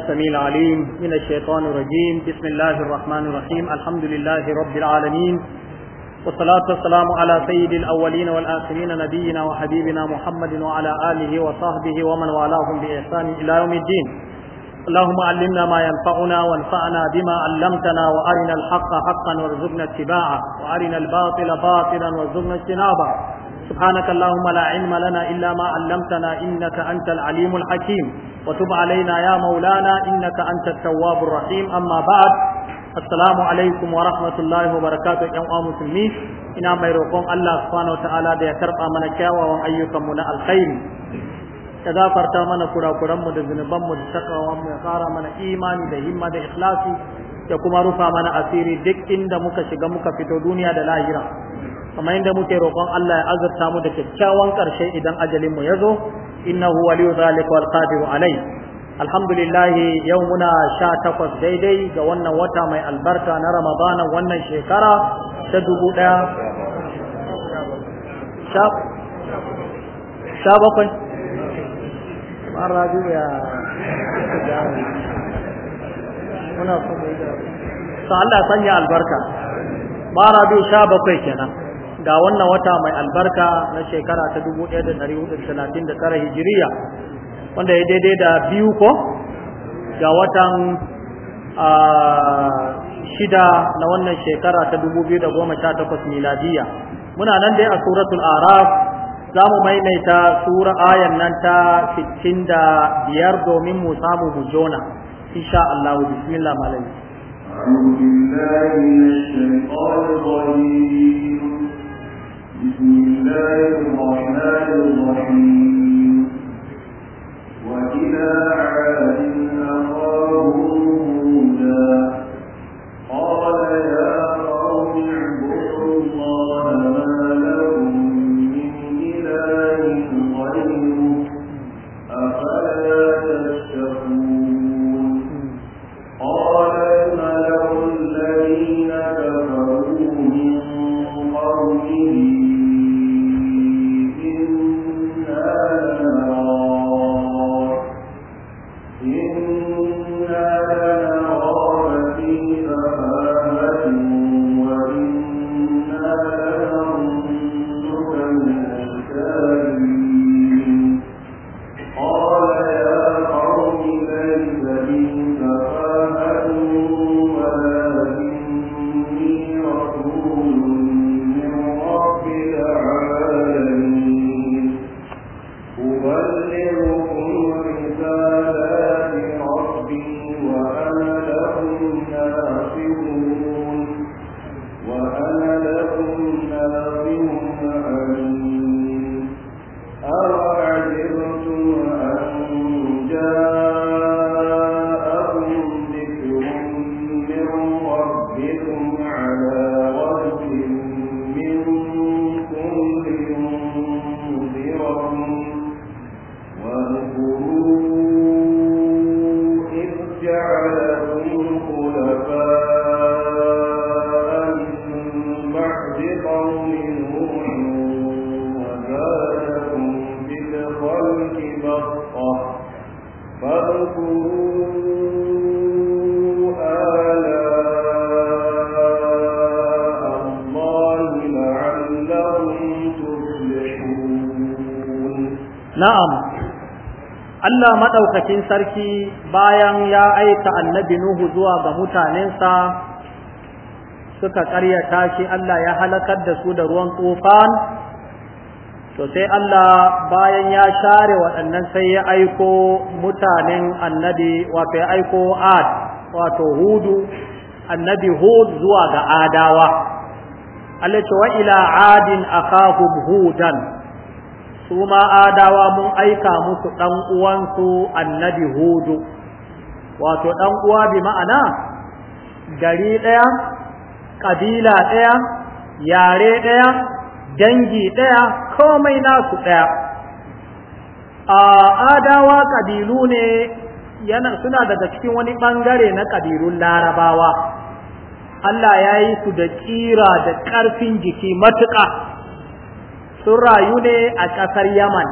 السميع العليم من الشيطان الرجيم بسم الله الرحمن الرحيم الحمد لله رب العالمين والصلاة والسلام على سيد الأولين والآخرين نبينا وحبيبنا محمد وعلى آله وصحبه ومن والاهم بإحسان إلى يوم الدين اللهم علمنا ما ينفعنا وانفعنا بما علمتنا وأرنا الحق حقا وارزقنا اتباعه وأرنا الباطل باطلا وارزقنا اجتنابه سبحانك اللهم لا علم لنا إلا ما علمتنا إنك أنت العليم الحكيم وتب علينا يا مولانا إنك أنت التواب الرحيم أما بعد السلام عليكم ورحمة الله وبركاته يا مسلمين إنا ميروكم الله سبحانه وتعالى بيكرب آمنا كاوا وأيكم من الخير ya gafarta mana kurakuranmu da zunubanmu da takawanmu ya ƙara mana imani da himma da ikhlasi ya kuma rufa mana asiri duk inda muka shiga muka fito duniya da lahira kamar yadda muke roƙon Allah ya azurta mu da kyakkyawan ƙarshe idan ajalinmu ya zo innahu waliyu zalika wal qadiru alai alhamdulillah yau muna sha takwas daidai ga wannan wata mai albarka na ramadana wannan shekara ta dubu ɗaya sha bakwai muna so Allah sanya albarka mara biyu sha bakwai kenan ga wannan wata mai albarka na shekara ta 1439 hijiriya wanda ya daidai da biyu ko ga watan shida na wannan shekara ta 2018 miladiya muna nan dai a suratul araf za mu maimaita sura ayan nan ta 65 domin mu samu hujona insha Allah bismillah malami أعوذ بالله من الشيطان الرجيم الرحمن الرحيم na'am Allah maɗaukacin sarki bayan ya aika annabi Nuhu zuwa ga mutanensa suka ƙaryata shi Allah ya halakar da su da ruwan tufan, to sai Allah bayan ya share waɗannan sai ya aiko mutanen annabi wato ya aiko ad wato hudu annabi hud zuwa ga adawa Allah ce wa ila adin akahum hudan su ma adawa mun aika musu ɗan uwansu annabi hudu wato ɗan uwa bi ma'ana gari ɗaya ƙabila ɗaya yare ɗaya dangi ɗaya komai nasu ɗaya a adawa ƙabilu ne yana suna daga cikin wani ɓangare na ƙabilun larabawa Allah ya yi su da ƙira da ƙarfin jiki matuƙa sun rayu ne a ƙasar yaman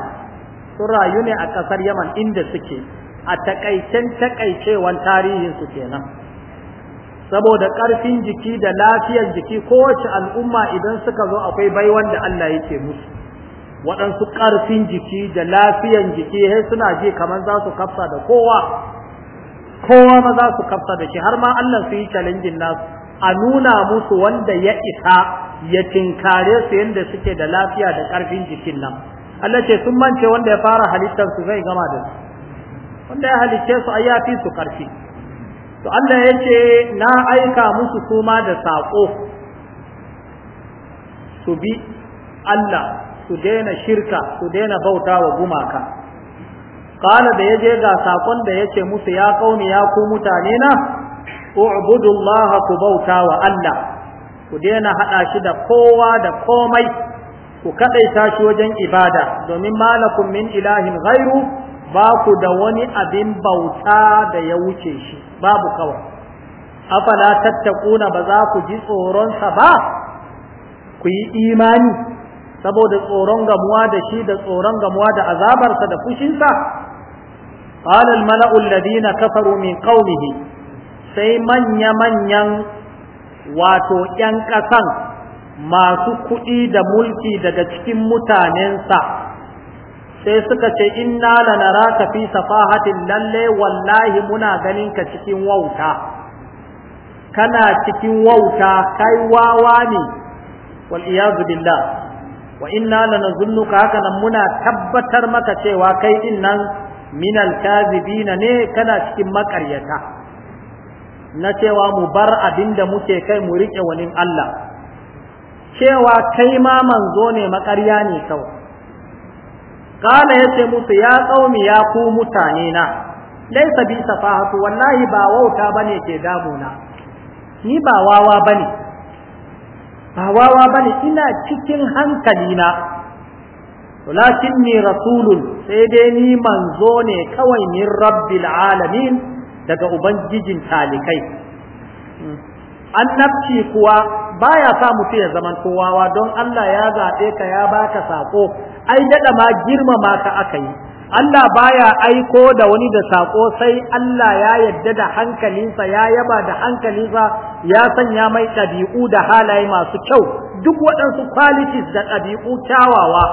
sun rayu ne a ƙasar yaman inda suke a takaicen takaicewan tarihinsu kenan saboda ƙarfin jiki da lafiyar jiki kowace al'umma idan suka zo akwai baiwan da Allah yake musu waɗansu ƙarfin jiki da lafiyan jiki sai suna ji kamar za su kafsa da kowa kowa ma za su kafsa da shi har ma Allah su yi challenging nasu a nuna musu wanda ya isa ya tinkare su yadda suke da lafiya da ƙarfin jikin nan Allah ce sun mance wanda ya fara halittarsu zai gama da su wanda ya halicce su ai fi su ƙarfi to Allah ya ce na aika musu kuma da saƙo su bi Allah su daina shirka su daina bauta wa gumaka kala da ya je ga saƙon da ya ce musu ya kauni ya ku mutane na u'budullaha ku bauta wa Allah ku daina hada shi da kowa da komai ku kadaita shi wajen ibada domin malakum min ilahin ghairu ba ku da wani abin bauta da ya wuce shi babu kawai afala tattaquna ba za ku ji tsoron sa ba ku yi imani saboda tsoron gamuwa da shi da tsoron gamuwa da azabarsa da fushinsa قال الملأ الذين كفروا من قومه sai manya-manyan wato ‘yan ƙasan masu kuɗi da mulki daga cikin mutanensa sai suka ce inna na ka fi safahatin lalle wallahi muna ganin ka cikin wauta kana cikin wauta kai wawa ne wal iyazu billah wa inna lanazunnuka haka nan muna tabbatar maka cewa kai din nan minal kazibina ne kana cikin maƙaryata. na cewa mu bar abin da muke kai mu riƙe wani Allah cewa kai ma manzo ne maƙarya ne kawai kala ya ce musu ya tsaumi ya ku mutane na laisa bi safahatu wallahi ba wauta bane ke damuna ni ba wawa bane ba wawa bane ina cikin hankali na walakin ni rasulun sai dai ni manzo ne kawai min rabbil alamin daga ubangijin talikai An nafci kuwa baya sa mutu ya zaman kowawa don Allah ya zaɓe ka ya baka saƙo ai daɗa ma girmama ka aka yi Allah baya aiko da wani da saƙo sai Allah ya yadda da hankalinsa ya yaba da hankalinsa ya sanya mai ɗabi'u da halaye masu kyau duk waɗansu kwalitis da ɗabi'u kyawawa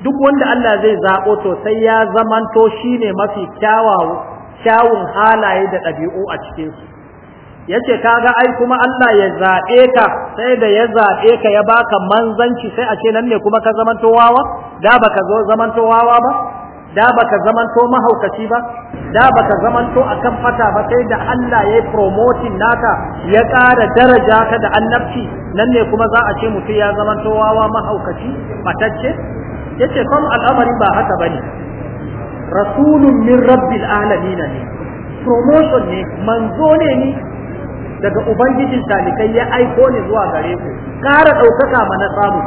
duk wanda Allah zai zaɓo to sai ya zamanto ne mafi kyawawa kyawun halaye da ɗabi'u a cikinsu ka ga ai kuma Allah ya zaɓe ka sai da ya zaɓe ka ya baka manzanci sai a ce nan ne kuma ka zamanto wawa da baka zo zamanto wawa ba da baka zamanto mahaukaci ba da baka zamanto akan fata ba sai da Allah ya yi promoting naka ya ƙara daraja ka da annabci nan ne kuma za a ce mutum ya zamanto wawa mahaukaci batacce yace kam al'amari ba haka bane rasulun min rabbil alamin ne promotion ne manzo ne ni daga ubangijin talikai ya aiko ni zuwa gare ku Kara ɗaukaka mana samu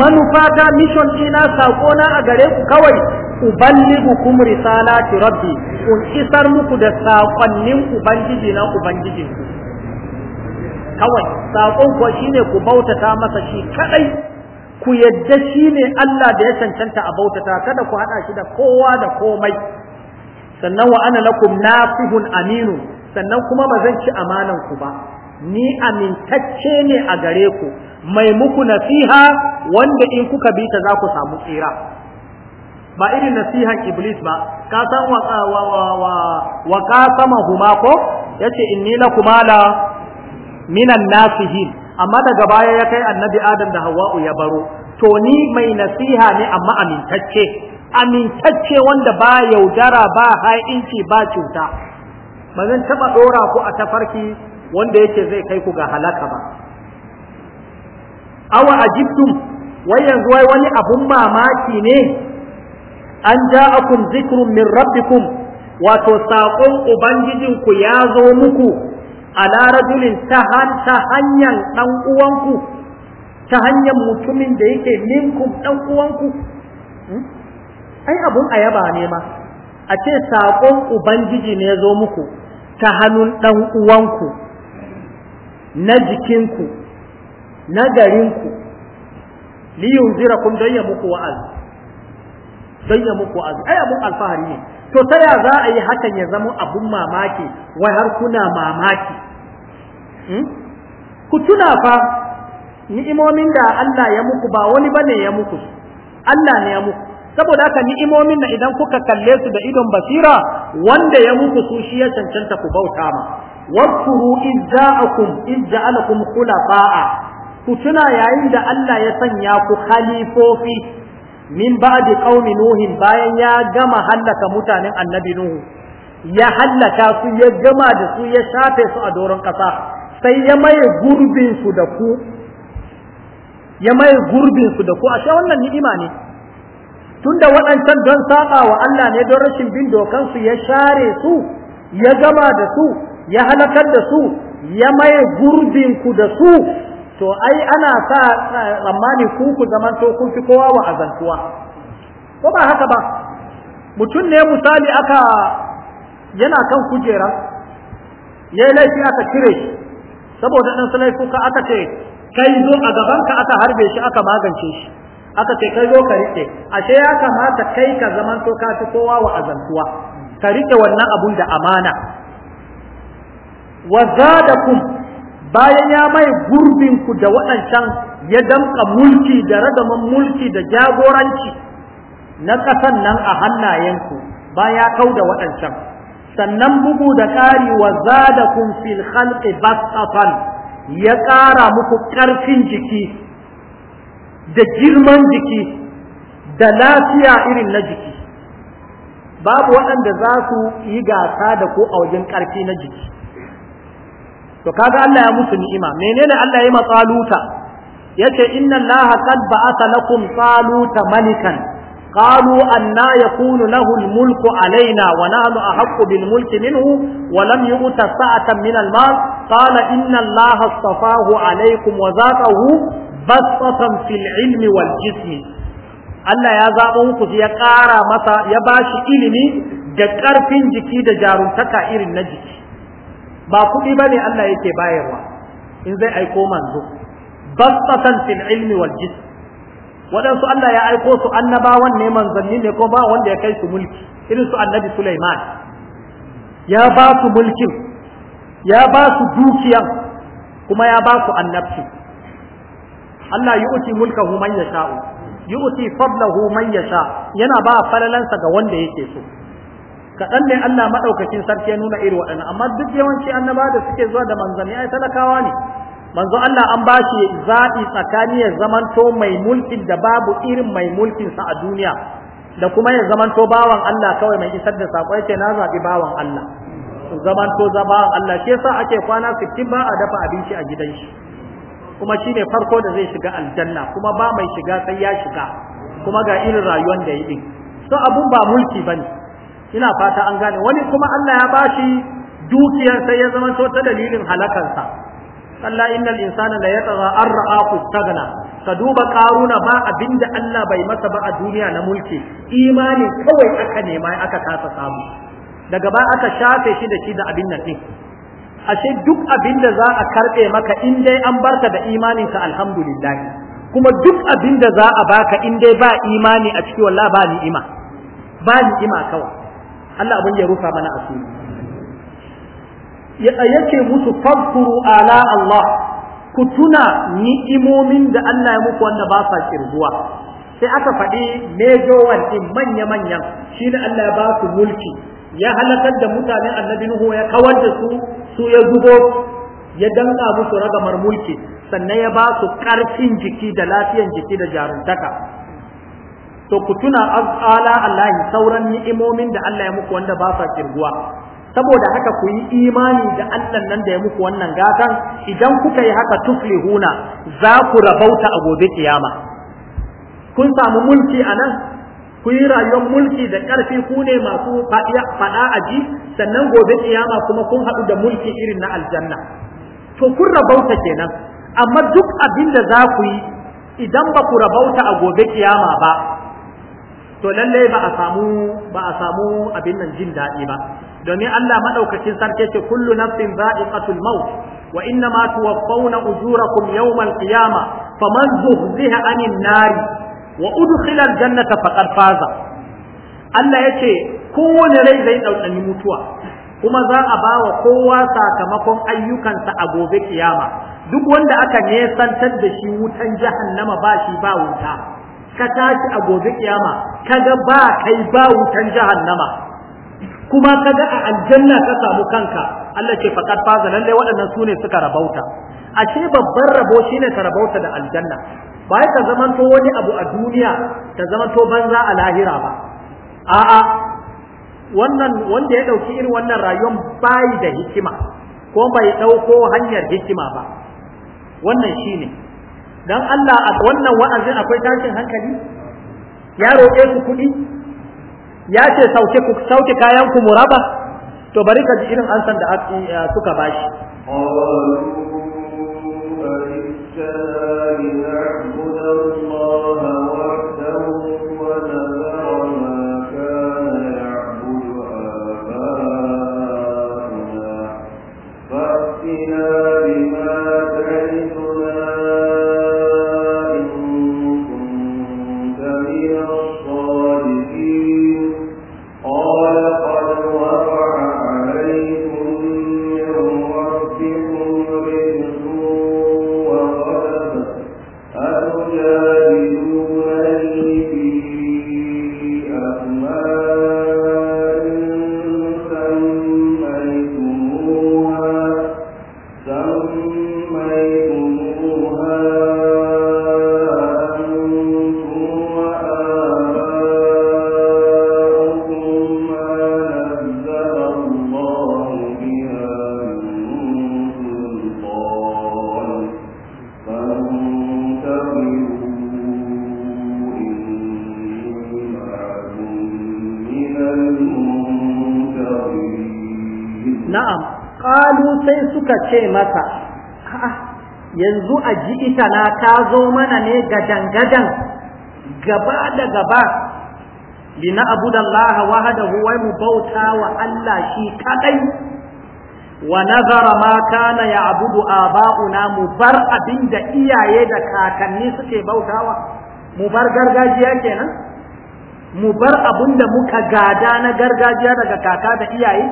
manufa ta mission ina sako na a gare ku kawai kum risalati rabbi kun isar muku da sakonnin ubangiji na ku. kawai sakon ku shine ku bautata masa shi kadai ku yadda shi ne Allah da ya cancanta a bautata kada ku haɗa shi da kowa da komai sannan wa ana lakum nasihun aminu sannan kuma ba zan ci amanan ku ba ni amintacce ne a gare ku mai muku nasiha wanda in kuka bi ta za ku samu tsira ba irin nasihan iblis ba ka san wa wa wa wa ka sama huma ko yace inni lakuma la minan nasihin amma daga baya ya kai annabi adam da hawa'u ya baro to ni mai nasiha ne amma amintacce amintacce wanda ba yaudara ba ha'inci ba cuta ba zan taɓa ɗora ku a tafarki wanda yake zai kai ku ga halaka ba awa ajibtum wai yanzu wai wani abun mamaki ne an ja'akum zikrun min rabbikum wato saƙon ubangijinku ya zo muku ala rajulin ta hanyar dan uwanku ta hanyar mutumin da yake minkum dan uwanku hmm? ai abun ayaba ne ma a ce sakon ubangiji ne ya zo muku ta hannun dan uwanku na jikinku na garinku liyun zira kun don muku wa’az. don muku wa’az, ai abun alfahari ne to ta ya za a yi hakan ya zama abun mamaki wai har kuna mamaki hmm? ku tuna fa ni'imomin da Allah ya muku ba wani bane ya muku Allah ne ya muku saboda haka ni'imomin na idan kuka kalle su da idon basira wanda ya muku su shi ya cancanta ku bauta ma wakuru izza'akum izza'alakum khulafa'a ku tuna yayin da Allah ya sanya ku khalifofi min ba'di qaumi nuhin bayan ya gama hallaka mutanen annabi nuhu ya hallaka su ya gama da su ya shafe su a doron kasa sai ya maye gurbin su da ku ya maye gurbin su da ku ashe wannan ni'ima ne tunda waɗancan don saba wa Allah ne don rashin bin dokan su ya share su ya gama da su ya halakar da su ya maye gurbin ku da su to ai ana sa tsammani ku ku zaman to kun fi kowa wa azantuwa ko ba haka ba mutum ne misali aka yana kan kujera ya yi laifi aka cire shi saboda ɗan laifuka aka ce kai zo a gabanka aka harbe shi aka magance shi aka ce kai zo ka riƙe ashe ya kamata kai ka zaman to ka fi kowa wa azantuwa ka riƙe wannan abun da amana wa zadakum bayan ya mai gurbin ku da waɗancan ya damka mulki da ragaman mulki da jagoranci na ƙasan nan a hannayenku ba ya kau da waɗancan sannan bugu da ƙari wa kun fil khalqi basatan ya ƙara muku ƙarfin jiki da girman jiki da lafiya irin na jiki babu waɗanda za su yi gasa da ko a wajen ƙarfi na jiki to kaga Allah ya musu ni'ima menene Allah ya matsaluta yace inna Allah qad ba'atha lakum saluta malikan qalu anna yakunu lahu al-mulku alaina wa nahnu ahaqqu bil mulki minhu wa lam yu'ta sa'atan min al-mal qala inna Allah astafahu alaykum wa zaqahu basatan fil ilmi wal jismi Allah ya zabo muku ya ƙara masa ya bashi ilimi da ƙarfin jiki da jaruntaka irin na jiki ba kuɗi bane Allah yake bayarwa in zai aiko manzo basatan fil ilmi wal jism waɗansu Allah ya aiko su annabawan ne manzanni ne ko ba wanda ya kai su mulki irin su annabi Sulaiman ya ba su mulkin ya ba su dukiyan kuma ya ba su annabci Allah yu'ti mulkahu man yasha'u uti fadlahu man yasha yana ba falalansa ga wanda yake so kaɗan ne Allah maɗaukakin sarki ya nuna iri waɗannan amma duk yawanci annaba da suke zuwa da manzanni ai talakawa ne manzo Allah an ba shi zaɓi tsakani ya zamanto mai mulkin da babu irin mai mulkinsa a duniya da kuma ya zamanto bawan Allah kawai mai isar da sako yake na zaɓi bawan Allah zamanto za bawan Allah shi yasa ake kwana sittin ba a dafa abinci a gidan shi kuma shine farko da zai shiga aljanna kuma ba mai shiga sai ya shiga kuma ga irin rayuwar da yi din so abun ba mulki bane ina fata an gane wani kuma Allah ya bashi dukiyar sai ya zama to ta dalilin halakarsa Allah innal insana la yatagha arra'a fustagna ka duba karuna ba abinda Allah bai masa ba a duniya na mulki imani kawai aka nema aka kasa samu daga ba aka shafe shi da shi da abin nan ashe duk abin da za a karɓe maka in dai an barka da imaninka alhamdulillah kuma duk abin da za a baka in dai ba imani a ciki wallahi ba ni'ima ba ni'ima kawai Allah abin ya rufa mana asiri ya yake musu fadkuru ala Allah ku tuna ni'imomin da Allah ya muku wanda ba sa kirguwa sai aka faɗi mejowan ɗin manya-manyan shi da Allah ya ba su mulki ya halakar da mutanen annabi Nuhu ya kawar da su su ya zubo ya danka musu ragamar mulki sannan ya ba su ƙarfin jiki da lafiyan jiki da jaruntaka to ku tuna ala Allah sauran ni'imomin da Allah ya muku wanda ba sa kirguwa saboda haka ku yi imani da Allah nan da ya muku wannan gatan idan kuka yi haka tuflihuna za ku rabauta a gobe kiyama kun samu mulki a nan ku yi rayuwar mulki da ƙarfi ku ne masu faɗa a ji sannan gobe kiyama kuma kun haɗu da mulki irin na aljanna to kun rabauta kenan amma duk abin da za ku yi idan ba ku rabauta a gobe kiyama ba to lallai ba a samu ba a samu abin nan jin daɗi ba domin Allah madaukakin sarki ce kullu nafsin za'iqatul maut wa inna ma tuwaffawna ujurakum yawmal qiyamah faman zuhziha 'anil nar wa udkhila al-jannata faqad faza Allah yace kowane rai zai ɗauɗani mutuwa kuma za a ba wa kowa sakamakon ayyukansa a gobe kiyama duk wanda aka nesantar da shi wutan jahannama ba shi ba wuta ka tashi a gobe kiyama kaga ba kai ba wutan jahannama kuma kaga a aljanna ka samu kanka Allah ce faqad faza lalle waɗannan ne suka rabauta ashe babban rabo shine ka rabauta da aljanna ba ka zamanto wani abu a duniya ka zamanto banza a lahira ba a'a wannan wanda ya dauki irin wannan rayuwar bai da hikima ko bai dauko hanyar hikima ba wannan shine dan Allah a wannan wa'azin akwai tashin hankali ya roƙe ku kuɗi ya ce sauke ku sauke kayan ku muraba to bari ka ji irin ansan da eh, suka bashi na'am ƙalu sai suka ce masa yanzu a ji ita na ta zo mana ne gadan-gadan gaba da gaba lina abu da Allah wahada huwai mu bauta wa Allah shi kadai wa nazara ma kana ba'u aba'una mu bar abin da iyaye da kakanni suke bautawa mu bar gargajiya kenan mu bar abin da muka gada na gargajiya daga kaka da iyaye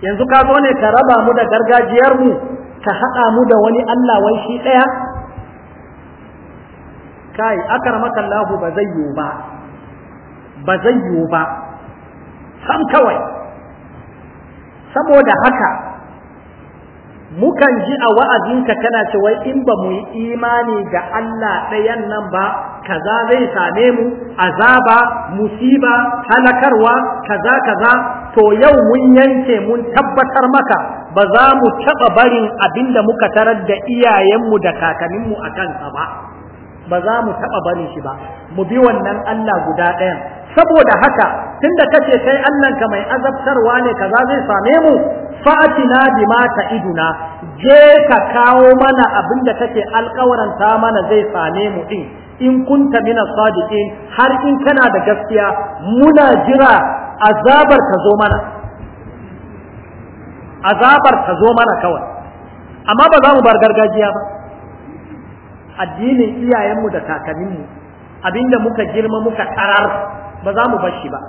yanzu ka zo ne ka raba mu da gargajiyar mu ka haɗa mu da wani Allah wai shi ɗaya kai akarmakallahu Allah ba zai yiwu ba ba ba sam kawai saboda haka mukan ji a wa'azinka kana ce in ba mu yi imani ga Allah ɗayan nan ba kaza zai same mu azaba musiba halakarwa kaza kaza to yau mun yanke mun tabbatar maka ba za mu taɓa barin abinda muka tarar da iyayenmu da kakanninmu a kansa ba ba za mu taɓa barin shi ba mu bi wannan Allah guda ɗayan saboda haka tunda kace kai Allahnka mai azabtarwa ne kaza zai same mu fa'atina bima ta'iduna je ka kawo mana abin da kake alƙawaranta mana zai same mu din in kunta mina sadiqin har in kana da gaskiya muna jira azabar ka zo mana azabar ka zo mana kawai amma ba za mu bar gargajiya ba addinin iyayenmu da kakanninmu abinda muka girma muka karar ba za mu bar shi ba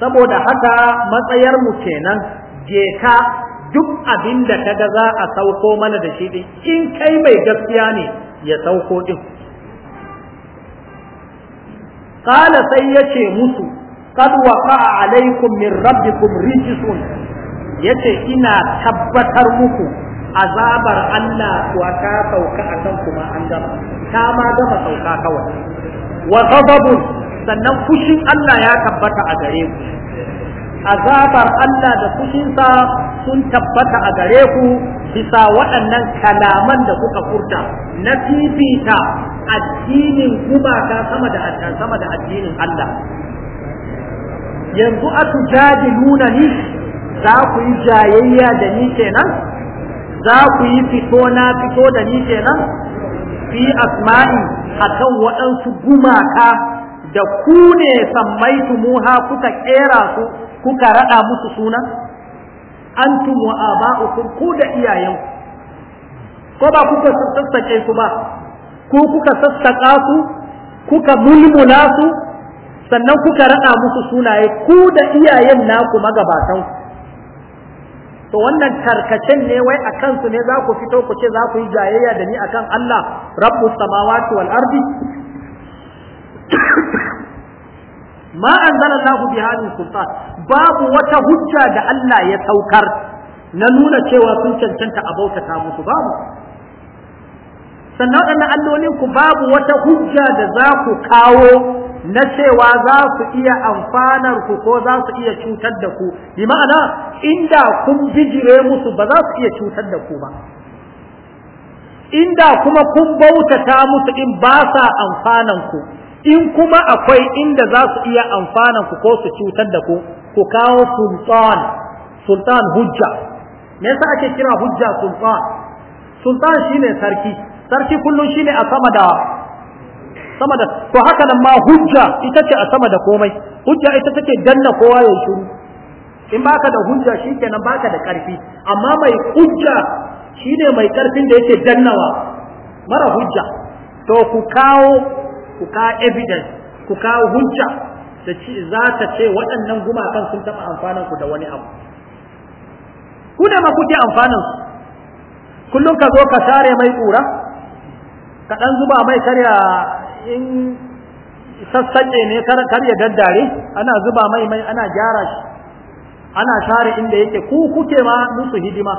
saboda haka matsayarmu kenan je ka duk abinda ga za a sauko mana da shi din in kai mai gaskiya ne ya sauko din qala sai yace musu qad waqa'a alaykum min rabbikum rijsun yace ina tabbatar muku azabar Allah kuwa ka sauka a kan kuma an gama ta ma gama sauka kawai wa sannan fushin Allah ya tabbata a gare ku azabar Allah da fushinsa sun tabbata a gare ku bisa waɗannan kalaman da kuka furta na fifita addinin gumaka sama da sama da addinin Allah yanzu a nuna ni za ku yi jayayya da ni kenan za ku yi fito na fito da ni kenan fi asma'i akan waɗansu gumaka da ku ne muha kuka kera su kuka raɗa musu suna antum wa aba'ukum ku da iyayenku ko ba kuka sassaƙe su ba ko kuka sassaƙa su kuka mulmula su sannan kuka raɗa musu sunaye ku da iyayen naku magabatan to wannan tarkacen ne wai a kansu ne za ku fito ku ce za ku yi jayayya da ni akan Allah rabbu samawati wal ardi ma anzalallahu bi hadhihi sultan babu wata hujja da Allah ya saukar na nuna cewa sun cancanta a bautata musu babu sannan waɗannan allolin ku babu wata hujja da za ku kawo na cewa za su iya amfanar ku ko za su iya cutar da ku bi ma'ana inda kun bijire musu ba za su iya cutar da ku ba inda kuma kun bautata musu in ba sa amfanan ku in kuma akwai inda za su iya amfanan ku ko su cutar da ku ku kawo sultan sultan hujja me yasa ake kira hujja sultan sultan shine sarki sarki kullum shine a sama da sama da to haka nan ma hujja ita ce a sama da komai hujja ita take danna kowa ya shiru in baka da hujja shikenan baka da karfi amma mai hujja shine mai karfin da yake dannawa mara hujja to ku kawo ku kawo evidence ku kawo hujja da ci za ta ce waɗannan gumakan sun taɓa amfanan ku da wani abu ku da ma kuke amfanan su kullum ka zo ka share mai ƙura ka ɗan zuba mai karya in sassaƙe ne kar ya daddare ana zuba mai mai ana gyara shi ana share inda yake ku kuke ma musu hidima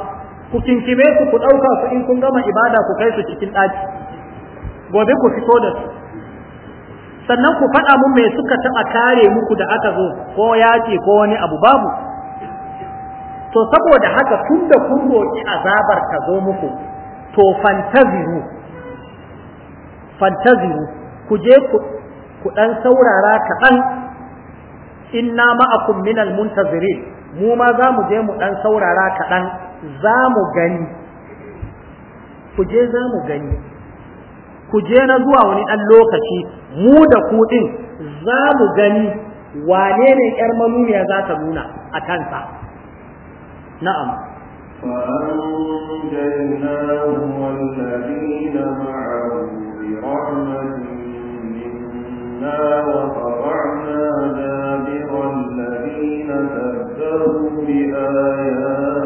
ku kinkime su ku ɗauka su in kun gama ibada ku kai su cikin ɗaki gobe ku fito da su sannan ku faɗa mun me suka taɓa kare muku da aka zo ko yaƙi ko wani abu babu to saboda haka tun da kun roƙi azabar ta zo muku to fantaziru fantaziru ku je ku ɗan saurara kaɗan inna ma'akum minal muntazirin mu ma za mu je mu ɗan saurara kaɗan za mu gani ku je za mu gani ku je na zuwa wani ɗan lokaci mu da ku ɗin za mu gani wane ne ƴar manuniya za ta nuna a kansa na'am فأنجيناه والذين معه برحمة وقطعنا دابر الذين كذبوا بآياتنا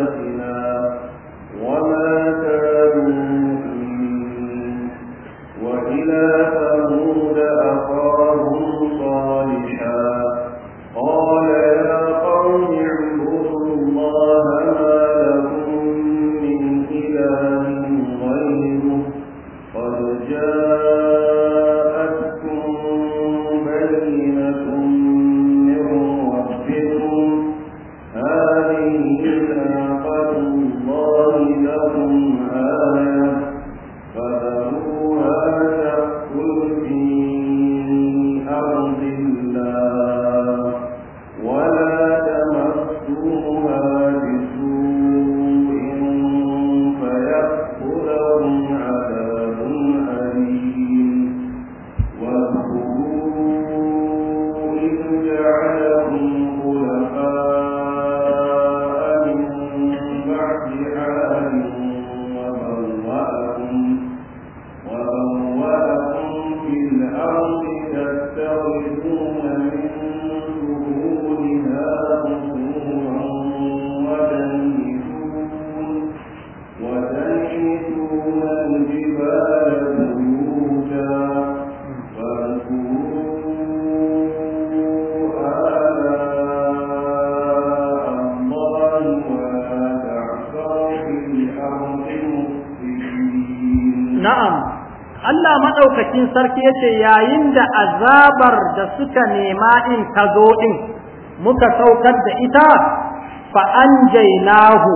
sarki yace yayin da azabar da suka nema in ta zo in muka saukar da ita fa jainahu,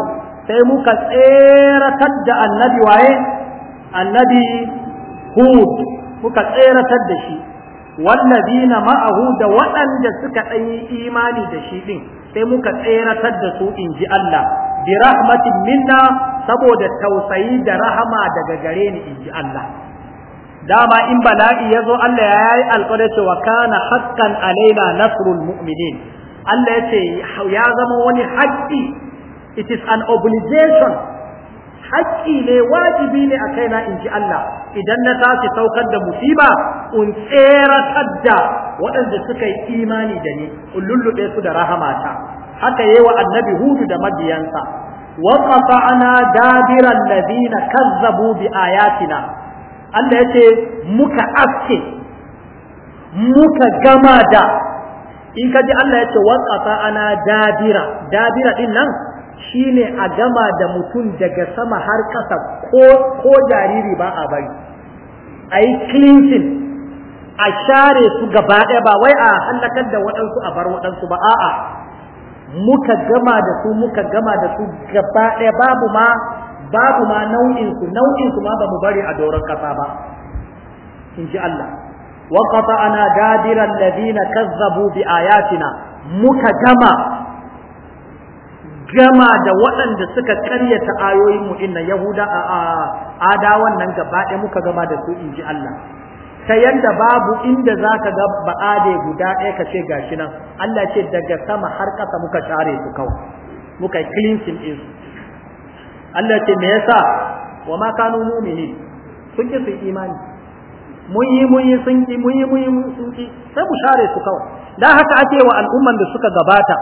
sai muka tseratar da annabi waye annabi hud muka tseratar da shi wallazina ma'ahu da waɗanda suka ɗanyi imani da shi ɗin, sai muka tseratar da su in ji Allah bi rahmatin minna saboda tausayi da rahama daga gare ni in ji Allah dama in bala'i ya zo Allah ya yi alƙawarin cewa kana haqqan alaina nasrul mu'minin Allah ya ce ya zama wani haƙƙi it is an obligation haƙƙi ne wajibi ne a kaina in ji Allah idan na tashi saukar da musiba in tseratar da waɗanda suka yi imani da ni in lullube su da rahamata haka yi wa annabi hudu da mabiyansa wa qata'na dabira alladhina kazzabu bi ayatina Allah ya ce muka aske muka gama da in ka ji Allah ya ce waƙafa ana dabira dabira din nan shine a gama da mutum daga sama har ƙasa ko jariri ba a bari a yi cleansing a share su gaba ɗaya ba wai a hallakar da waɗansu a bar waɗansu ba a'a muka gama da su muka gama da su gaba ɗaya babu ma babu ma nau'in su nau'in su ma ba mu bari a doron kasa ba in ji Allah wa qata'ana dadiran ladina kazzabu bi ayatina muka gama gama da waɗanda suka karyata ayoyin mu inna yahuda a adawan nan gaba ɗaya muka gama da su in ji Allah ta yanda babu inda zaka ga ba'ade guda ɗaya ka ce gashi nan Allah ce daga sama har ƙasa muka share su kawai muka yi Allah ce me yasa wa ma kanu mu'minin sun ki sun imani mun yi mun yi sun ki mun yi mun yi sun ki sai mu share su kawai dan haka ake wa al'umman da suka gabata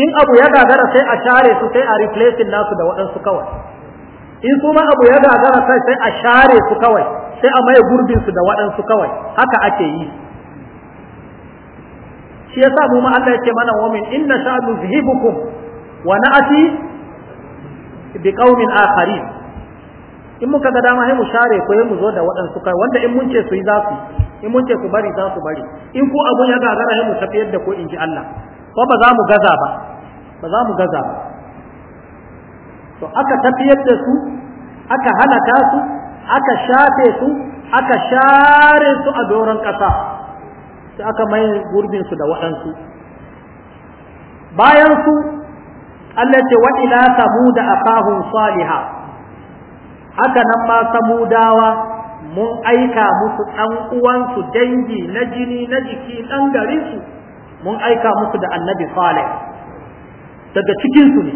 in abu ya gagara sai a share su sai a replacing nasu da waɗansu kawai in kuma abu ya gagara sai sai a share su kawai sai a maye gurbin su da waɗansu kawai haka ake yi shi yasa mu ma Allah yake mana wa min inna sha'nu zihibukum wa na'ati bi qaumin akharin in muka ga dama sai mu share ko mu zo da waɗansu kai wanda in mun ce su yi za su in mun ce ku bari za su bari in ku abun ya gagara sai mu tafiyar da ko in ji Allah ko ba za mu gaza ba ba za mu gaza ba to aka tafiyar da su aka halaka su aka shafe su aka share su a doron ƙasa sai aka mai gurbin su da waɗansu bayan su Allah ce wa ila samuda akahum saliha haka nan ma samudawa mun aika musu dan uwansu dangi na jini na jiki dan garin su mun aika musu da annabi salih daga cikin su ne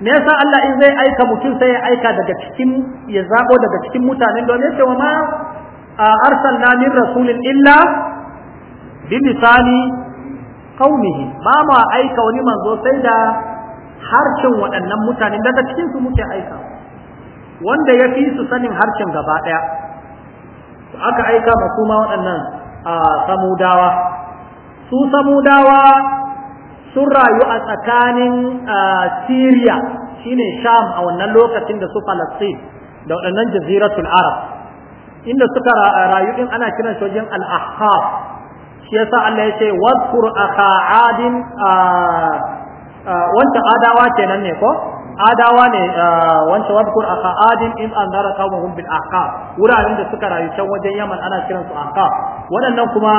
me yasa Allah in zai aika mutum sai ya aika daga cikin ya zabo daga cikin mutanen don ce wa ma arsalna min rasulin illa bi misali qaumihi ba ma aika wani manzo sai da harcin waɗannan mutane daga cikin su muke aika wanda ya fi su sanin harcin gaba ɗaya aka aika ma kuma waɗannan a samudawa su samudawa sun rayu a tsakanin Syria shine Sham a wannan lokacin da su Palestine da waɗannan jaziratul Arab inda suka rayu din ana kiran shi wajen al-Ahqaf shi yasa Allah ya ce wadkur aka adin wanda adawa kenan ne ko adawa ne wanda wadkur aka adin in anzara qaumuhum bil aka wuraren da suka rayu can wajen Yaman ana kiran su aka waɗannan kuma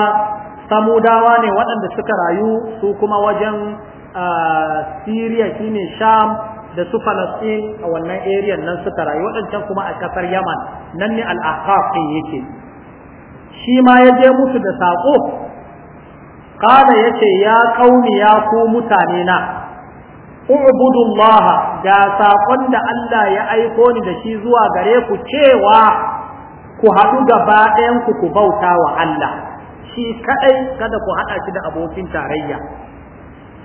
samudawa ne waɗanda suka rayu su kuma wajen Syria shine Sham da su Falastin a wannan area nan suka rayu waɗancan kuma a ƙasar Yaman nan ne al-Ahqaf yake shi ma ya je musu da saƙo qala yace ya qaumi ya ku mutane na ubudullah ga sakon da Allah ya aiko ni da shi zuwa gare ku cewa ku haɗu gaba ɗayan ku ku bauta wa Allah shi kadai kada ku haɗa shi da abokin tarayya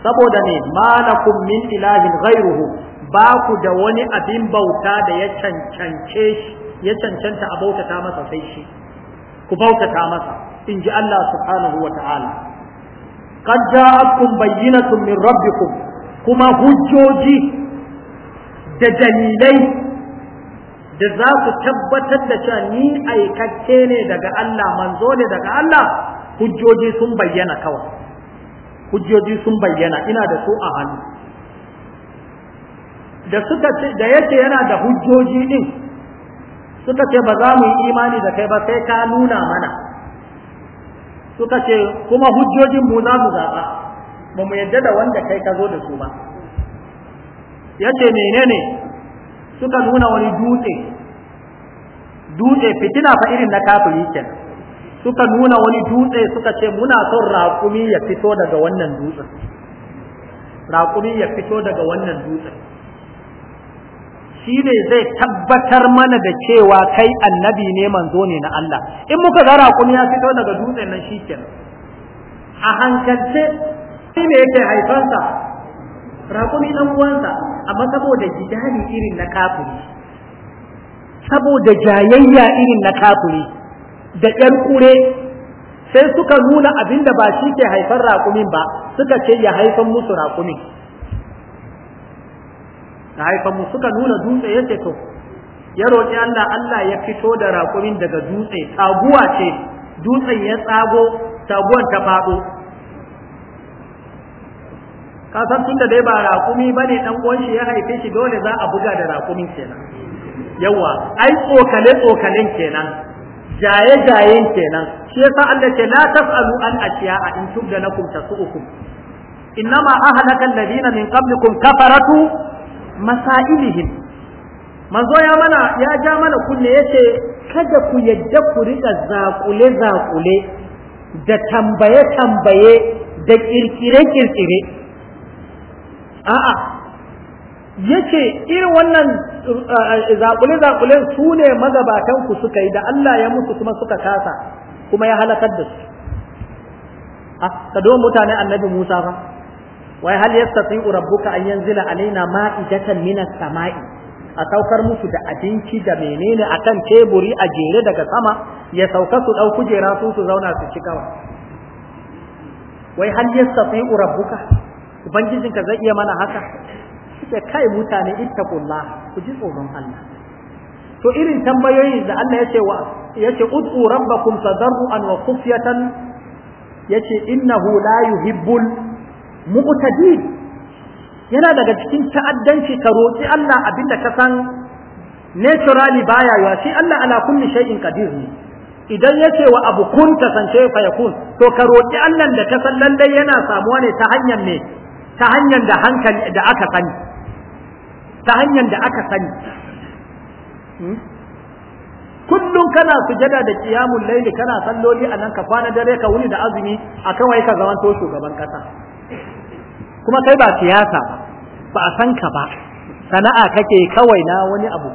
saboda ne malakum min ilahin ghairuhu ba ku da wani abin bauta da ya cancance shi ya cancanta a bautata masa sai shi ku bautata masa in ji Allah subhanahu wa ta'ala qad ja'akum bayyinatun min rabbikum kuma hujjoji da dalilai da za su tabbatar da cewa ni aikakke ne daga Allah manzo ne daga Allah hujjoji sun bayyana kawai hujjoji sun bayyana ina da su a hannu da suka ce da yake yana da hujjoji din suka ce ba za mu yi imani da kai ba sai ka nuna mana suka ce kuma hujjojin mu za mu zaɓa ba mu yadda da wanda kai ka zo da su ba ya ce menene suka nuna wani dutse dutse fitina fa irin na kafiri kenan suka nuna wani dutse suka ce muna son raƙumi ya fito daga wannan dutsen raƙumi ya fito daga wannan dutsen shi ne zai tabbatar mana da cewa kai annabi ne manzo ne na Allah in muka ga raƙumi ya fito daga dutsen nan shikenan a hankalce shi ne yake haifansa raƙumi dan uwansa amma saboda jidali irin na kafiri saboda jayayya irin na kafiri da ƴan kure sai suka nuna abinda ba shi ke haifar raƙumin ba suka ce ya haifan musu raƙumin na haifan mu suka nuna dutse ya ce to ya roƙi Allah Allah ya fito da raƙumin daga dutse taguwa ce dutsen ya tsago taguwan ta faɗo ka san tun da dai ba raƙumi ba ne ɗan uwan ya haife shi dole za a buga da raƙumin kenan yawa ai tsokale tsokalen kenan jaye jayen kenan shi yasa Allah ce la tasalu an ashiya in tubda lakum tasukum innama ahlakal ladina min qablikum kafaratu masailihim manzo ya mana ya ja mana kunne yace kada ku yadda ku rika zakule zakule da tambaye tambaye da kirkire kirkire a'a yace irin wannan eh, zakule zakulen su ne magabatan ku suka yi da Allah ya musu kuma suka kasa kuma ya halakar da su a ah, ka mutane annabi Musa fa wai hal yastati rabbuka an yanzila alaina ma'idatan minas sama'i a saukar musu da abinci da menene akan teburi a jere daga sama ya sauka su dau kujera su su zauna su ci kawai wai hal yastati rabbuka ka zai iya mana haka suke kai mutane ittaqullah ku ji tsoron Allah to irin tambayoyin da Allah yace wa yace ud'u rabbakum tadarruan wa khufyatan yace innahu la yuhibbul mu'tadi yana daga cikin ta'addanci ka roki Allah abinda ka san naturally baya yawa shi Allah ala kulli shay'in qadir ne idan yace wa abu kun kasance fa yakun to ka roki Allah da ka san lallai yana samuwa ne ta hanyar ne ta hanyar da hankali da aka sani ta hanyar da aka sani hmm? kullum kana sujada da qiyamul layli kana salloli anan ka kwana dare ka wuni da azumi akan wai ka to shugaban kasa kuma kai ba siyasa ba ba a san ka ba sana'a kake kawai na wani abu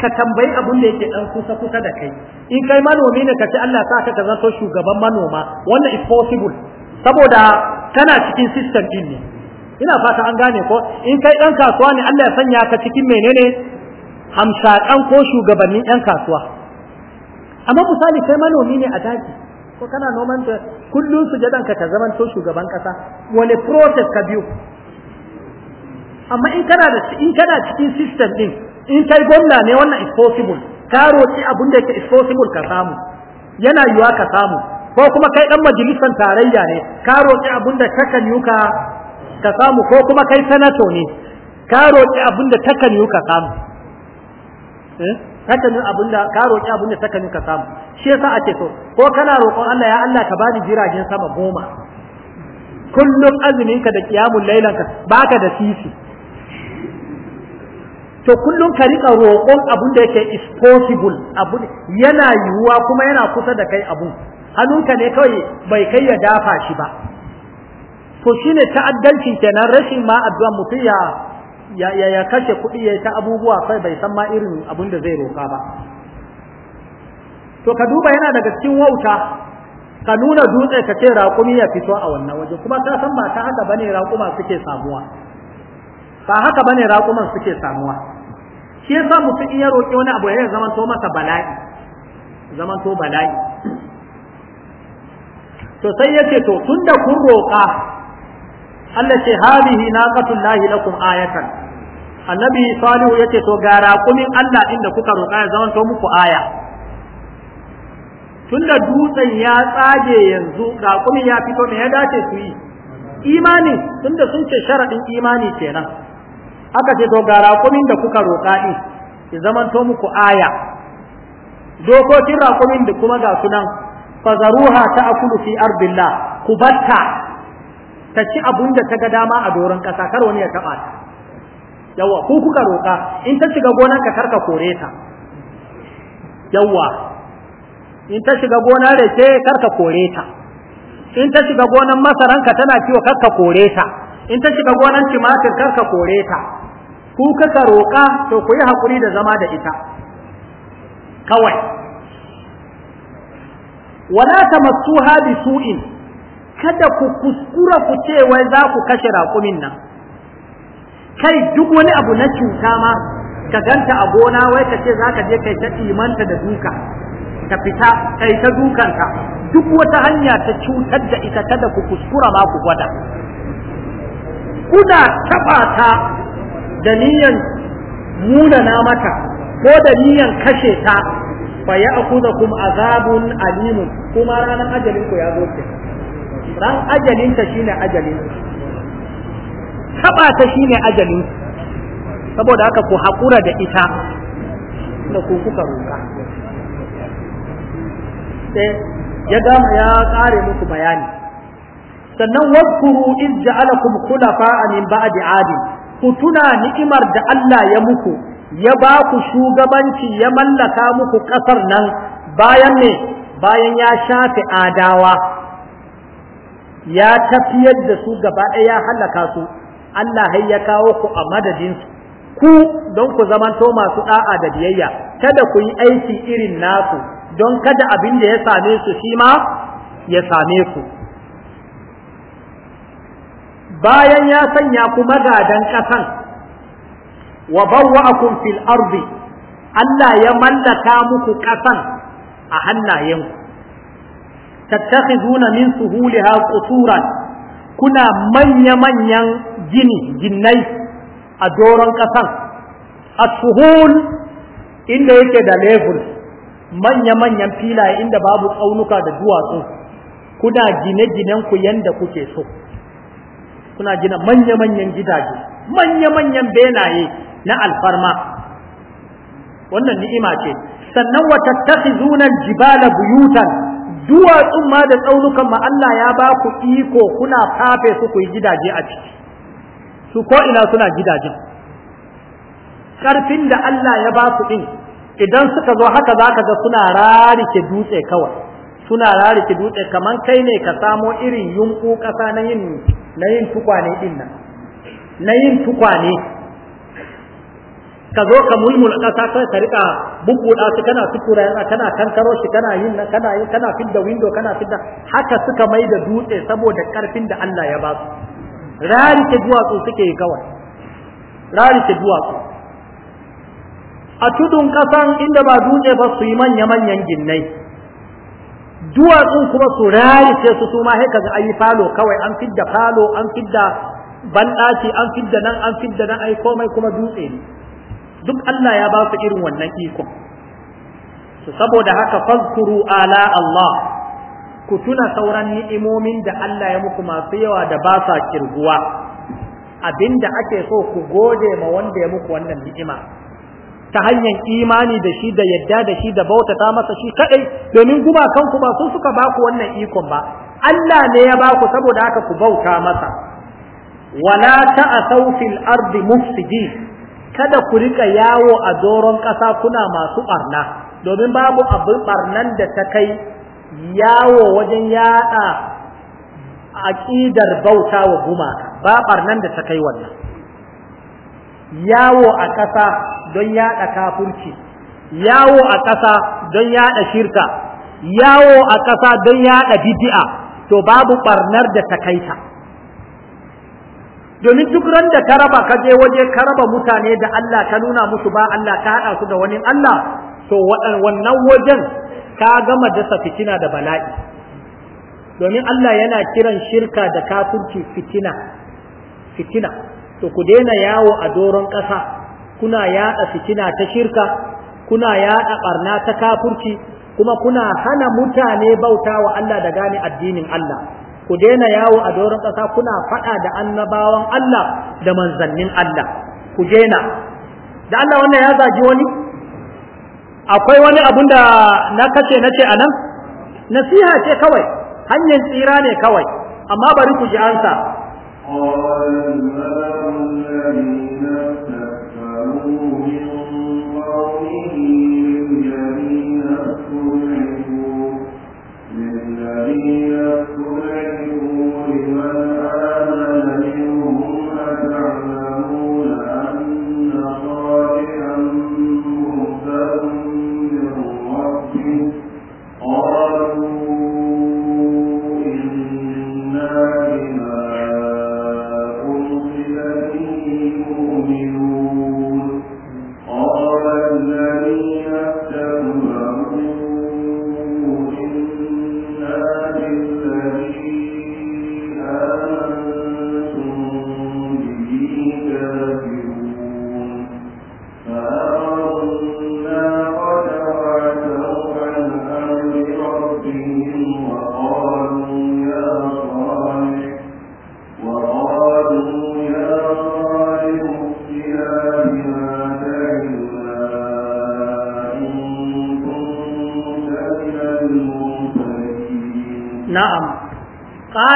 ka tambayi abun da yake dan kusa kusa da kai in kai manomi ne kace Allah sa ka zanto shugaban manoma wannan is possible saboda kana cikin system din ne ina fata an gane ko in kai dan kasuwa ne Allah ya sanya ka cikin menene hamsakan ko shugabannin yan kasuwa amma misali kai manomi ne a daji ko kana noman kullun jadan ka ta zaman to shugaban kasa wani protest ka biyu amma in kana da in kana cikin system din in kai gwamna ne wannan is possible ka roki abin da yake is possible ka samu yana yiwa ka samu ko kuma kai dan majalisar tarayya ne ka roki abin da ka kan yuka ka samu ko kuma kai sanato ne ka roki abin da ka kan yuka samu eh sakanin abinda ka roki abinda sakanin ka samu shi yasa a ce to ko kana roƙon Allah ya Allah ka bani jiragen sama goma kullum azumin ka da qiyamul lailan ka baka da sisi to kullum ka rika roƙon abin da yake is possible yana yiwuwa kuma yana kusa da kai abu hannunka ne kawai bai kai ya dafa shi ba to shine ta'addanci kenan rashin ma addu'a mutum ya ya kashe kuɗi ya ta abubuwa kai bai san ma irin abin da zai roƙa ba to ka duba yana daga cikin wauta ka nuna dutse ka ce raƙumi ya fito a wannan waje kuma ka san ba ta haka bane raƙuma suke samuwa ba haka bane raƙuman suke samuwa shi yasa mutum in ya roƙi wani abu ya zama to masa bala'i zaman to bala'i to sai yace to tunda kun roƙa Allah ce hadihi naqatul lahi lakum ayatan annabi salihu yace to ga raqumin Allah inda kuka roƙa ya to muku aya tunda dutsen ya tsage yanzu raqumin ya fito ne ya dace su yi imani tunda sun ce sharadin imani kenan aka ce to ga raqumin da kuka roƙa din ya zamanto muku aya dokokin raqumin da kuma ga sunan fazaruha ta'kulu fi ardillah kubatta ta ci abun da ta ga dama a doron ƙasa kar wani ya taɓa ta yawa ku kuka roƙa in ta shiga gona ka karka kore ta yawa in ta shiga gonar rake karka kore ta in ta shiga gonan masaranka tana kiwo karka kore ta in ta shiga gonar timatir karka kore ta ku kuka roƙa to ku yi haƙuri da zama da ita kawai wala tamassuha bi kada ku kuskura ku ce wai za ku kashe raƙumin nan kai duk wani abu na cuta ma ka ganta a gona wai ka ce za ka je kai ta imanta da duka ka fita kai ta dukanka duk wata hanya ta cutar da ita kada ku kuskura ba ku gwada kuna taɓa ta da niyan munana mata ko da niyan kashe ta fa ya kuma azabun alimun kuma ranar ajalin ku ya zo ran ajalinta shine ajalin taba ta shine ajalin saboda haka ku haƙura da ita da ku kuka roƙa sai ya gama ya kare muku bayani sannan wakuru iz ja'alakum khulafa'a min ba'di adi, ku tuna ni'imar da Allah ya muku ya ba ku shugabanci ya mallaka muku ƙasar nan bayan ne bayan ya shafe adawa ya tafiyar da su gaba ɗaya ya halaka su Allah hai ya kawo ku a madadin su ku don ku zamanto masu ɗa'a da biyayya kada ku yi aiki irin nasu don kada abin da ya same su shi ma ya same ku bayan ya sanya ku magadan ƙasan wa bawwa'akum fil ardi Allah ya mallaka muku ƙasan a hannayenku tattakhizuna min suhuliha qusuran kuna manya manyan gini ginnai a doron kasan as-suhul inda yake da level manya manyan filaye inda babu tsaunuka da duwatsu kuna gine ginen ku yanda kuke so kuna gina manya manyan gidaje manya manyan benaye na alfarma wannan ni'ima ce sannan wa tattakhizuna al-jibala buyutan duwatsun ma da tsaunukan ma Allah ya ba ku iko kuna fafe su ku yi gidaje a ciki su ko ina suna gidajen Ƙarfin da Allah ya ba ku din idan suka zo haka zaka ga suna rarike dutse kawai suna rarike dutse kamar kai ne ka samo irin yunku ƙasa na yin tukwane din nan na yin tukwane ka zo ka mulmula ƙasa kai ka rika bubbuɗa su kana sutura yana kana kankaro shi kana yin na kana yin kana fidda window kana fidda haka suka mai da dutse saboda ƙarfin da Allah ya ba su Rari ke duwatsu suke yi kawai rari ke duwatsu a tudun ƙasan inda ba dutse ba su yi manya-manyan ginnai duwatsun kuma su rari su su ma sai kaga ayi falo kawai an fidda falo an fidda banɗaci an fidda nan an fidda nan ai komai kuma dutse ne duk Allah ya ba su irin wannan ikon su saboda haka fazkuru ala Allah ku tuna sauran ni'imomin da Allah ya muku masu yawa da ba sa kirguwa abinda ake so ku gode ma wanda ya muku wannan ni'ima ta hanyar imani da shi da yadda da shi da bautata masa shi kadai domin gumakan kanku ba su suka ba ku wannan ikon ba Allah ne ya ba ku saboda haka ku bauta masa wala ta'asau fil ardi mufsidin kada ku rika yawo a doron ƙasa kuna masu ɓarna domin babu abin ɓarnan da ta kai yawo wajen yaɗa aƙidar bauta wa gumaka ba ɓarnan da ta kai wannan yawo a ƙasa don yaɗa kafurci yawo a ƙasa don yaɗa shirka yawo a ƙasa don yaɗa bidi'a to babu ɓarnar da ta kai ta domin duk randa da ka raba ka je waje ka raba mutane da Allah ka nuna musu ba Allah ta hada su da wani Allah to wannan wajen ka gama dasa fitina da bala'i domin Allah yana kiran shirka da kafirci fitina fitina to ku daina yawo a doron ƙasa kuna yada fitina ta shirka kuna yada ɓarna ta kafirci kuma kuna hana mutane bauta wa Allah da gane addinin Allah ku daina yawo a doron ƙasa kuna faɗa da annabawan Allah da manzannin Allah ku daina da Allah wannan ya zaji wani akwai wani abun da na kace na ce anan nasiha ce kawai hanyar tsira ne kawai amma bari ku ji ansa قال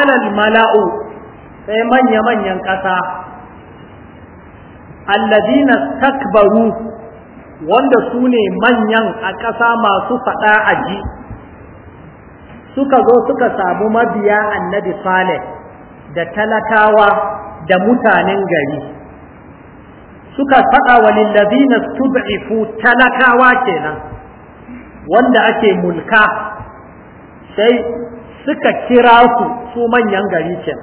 qalal mala'u sai manya manyan ƙasa alladina takbaru wanda su ne manyan a ƙasa masu faɗa aji suka zo suka samu mabiya annabi Saleh da talakawa da mutanen gari suka faɗa wa lillazina tub'ifu talakawa kenan wanda ake mulka sai suka kira su su manyan gari ke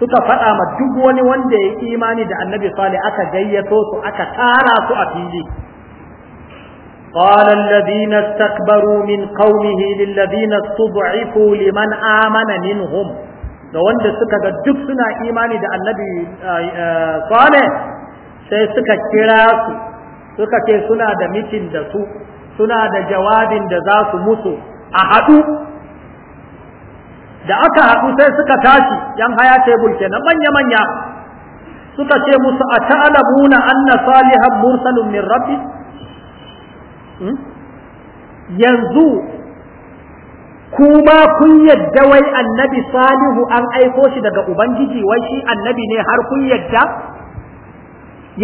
suka faɗa ma duk wani wanda ya yi imani da annabi salih aka gayyato su aka tara su a fili قال الذين استكبروا من قومه للذين استضعفوا liman amana minhum da wanda suka ga duk suna imani da annabi eh, eh, sale sai suka kira su suka ce suna da mitin da su suna da jawabin da za su musu a haɗu da aka haɗu sai suka tashi yan haya tebul na manya-manya suka ce musu a ta'alabuna anna salihan mursalin min rabbi hmm? yanzu kuma kun yadda wai annabi salihu an aiko shi daga ubangiji wai shi annabi ne har kun yadda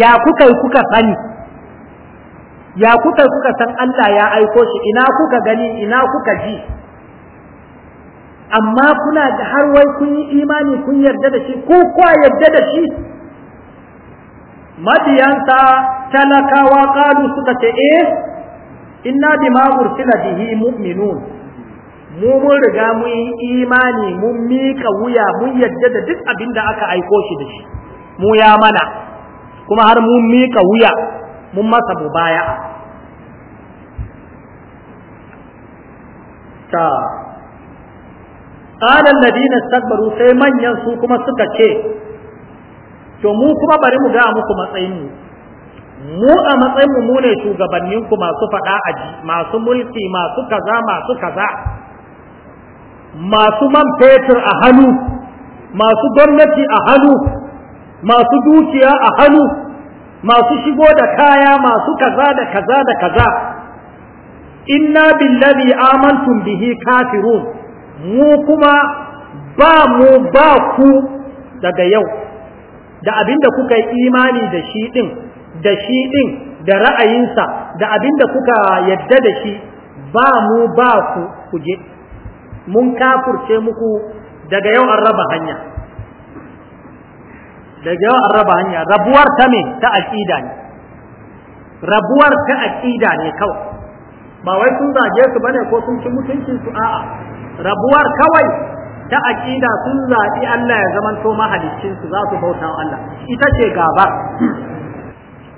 ya kuka kuka sani ya kuka kuka san Allah ya aiko shi ina kuka gani ina kuka ji amma kuna da har wai kun yi imani kun yarda da shi ko kwa yarda da shi madiyansa talakawa kalu suka ce eh inna bima ursila bihi mu'minun mu mun riga mun yi imani mun mika wuya mun yarda da duk abin da aka aiko shi da shi mu ya mana kuma har mun mika wuya mun masa mubaya'a ta qala alladina istakbaru sai manyan su kuma suka ce to mu kuma bari mu ga muku matsayin mu mu a matsayin mu mu ne shugabannin ku masu fada aji masu mulki masu kaza masu kaza masu man fetur a hannu masu gwamnati a hannu masu dukiya a hannu masu shigo da kaya masu kaza da kaza da kaza inna billazi amantum bihi kafirun mu kuma ba mu ba ku daga yau da abinda kuka yi imani da shi ɗin da shi ɗin da ra'ayinsa da abin kuka yadda da shi ba mu ba ku kuje mun kafurce muku daga yau an raba hanya daga yau an raba hanya rabuwar ta me ta aƙida ne rabuwar ta aqida ne kawai ba wai sun zage su bane ko sun ci mutuncin su a'a rabuwar kawai ta aƙida sun zaɓi Allah ya zaman to su za su bauta wa Allah ita ce gaba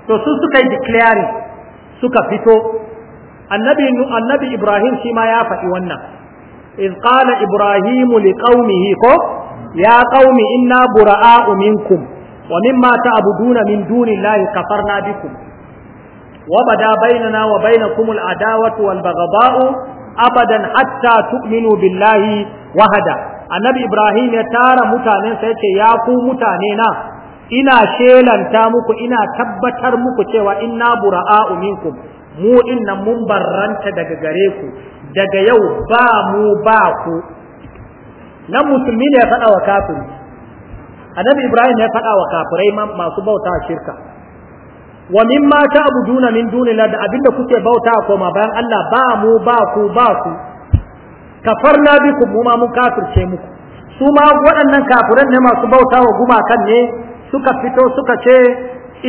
to su suka yi declaring suka fito annabi annabi Ibrahim shi ma ya faɗi wannan iz qala ibrahimu liqaumihi ko ya qaumi inna bura'a'u minkum wa mimma ta'buduna min dunillahi kafarna bikum وبدا بيننا وبينكم العداوة والبغضاء abadan hatta tu'minu billahi wahada annabi ibrahim ya tara mutanen sa yace ya ku mutane na ina shelanta muku ina tabbatar muku cewa inna na minkum mu innan mun barranta daga gare ku daga yau ba mu ba ku nan musulmi ne ya fada wa kafiri annabi ibrahim ya faɗawa wa kafirai masu bauta shirka wa mimma ta'buduna min dunillahi da abinda kuke bauta koma bayan Allah ba mu ba ku ba ku kafarna bikum mu ma mun kafirce muku su ma waɗannan kafiran ne masu bauta wa gumakan ne suka fito suka ce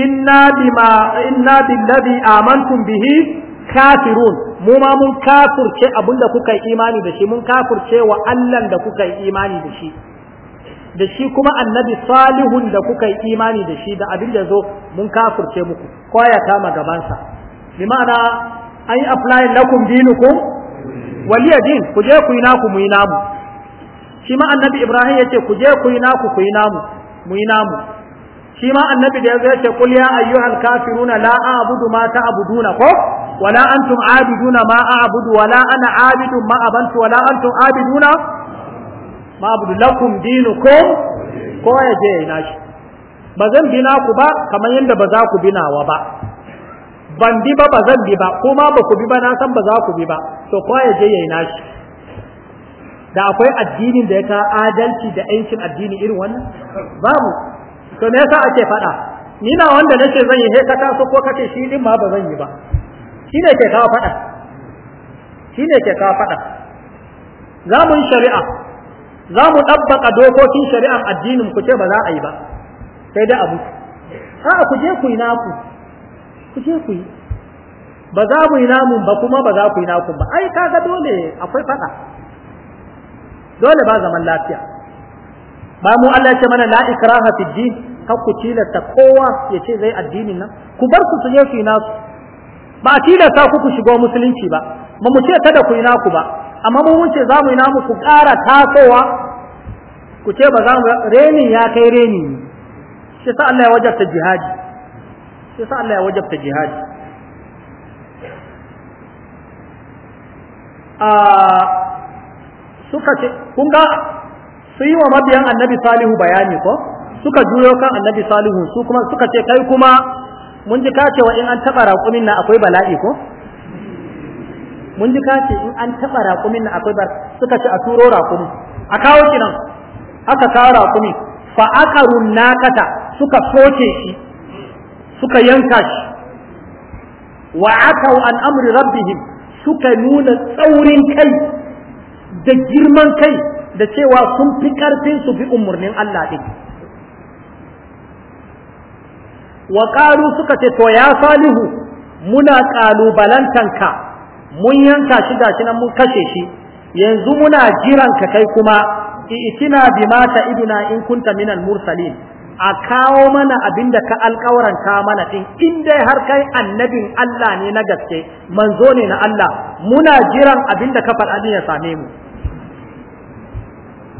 inna bima inna billazi amantum bihi kafirun mu ma mun kafirce abinda kuka yi imani da shi mun kafirce wa Allah da kuka yi imani da shi da shi kuma annabi salihun da kuka yi imani da shi da abin da zo mun kafurce muku ko ya kama gabansa bi ma'ana an yi applying lakum dinukum waliya din ku je ku yi naku mu yi namu shi ma annabi ibrahim ya ce ku je ku yi naku ku yi namu mu yi namu shi ma annabi da ya ce qul ya ayyuhal kafiruna la a'budu ma ta'buduna ko wala antum abiduna ma a'budu wala ana abidu ma abantu wala antum abiduna ma'abudu lakum dinu ko ya je ina nashi ba zan bi naku ba kamar yadda ba za ku bi nawa ba ban bi ba ba zan bi ba kuma ba ku bi ba na san ba za ku bi ba to ko ya je ya nashi da akwai addinin da ya ka adalci da yancin addini irin wannan babu to me yasa ake faɗa ni na wanda nake zan yi he ka taso ko kace shi din ma ba zan yi ba shine ke kawo faɗa shine ke ka faɗa za shari'a za mu ɗabbaka dokokin shari'ar addinin ku ce ba za a yi ba sai dai abu a'a ku je ku yi naku ku je ku yi ba za mu yi namun ba kuma ba za ku yi naku ba ai kaga dole akwai faɗa dole ba zaman lafiya ba mu Allah ce mana la ikraha fi din kar ku tilasta kowa ya ce zai addinin nan ku bar ku su je su yi nasu ba a tilasta ku ku shigo musulunci ba ba mu ce kada ku yi naku ba amma mu mun ce za mu yi namu ku ƙara tasowa ku ce ba za mu reni ya kai reni ne shi sa Allah ya wajabta jihadi shi sa Allah ya wajabta jihadi a suka ce kun ga su yi wa mabiyan annabi salihu bayani ko suka juyo kan annabi salihu su kuma suka ce kai kuma mun ji kace wa in an taɓa raƙumin na akwai bala'i ko mun ji kace in an taɓa raƙumin na akwai bar suka ci a turo raƙumi a kawo shi nan aka kawo raƙumi fa aka nakata suka soke shi suka yanka shi wa akau an amri rabbihim suka nuna tsaurin kai da girman kai da cewa sun fi karfin su fi umarnin Allah ɗin wa suka ce to ya salihu muna ka mun yanka shi shi nan mun kashe shi yanzu muna jiran ka kai kuma itina bima ta ibna in kunta minal mursalin a kawo mana abinda ka alkawaranta mana din in dai har kai annabin Allah ne na gaske manzo ne na Allah muna jiran abinda ka faɗa ya same mu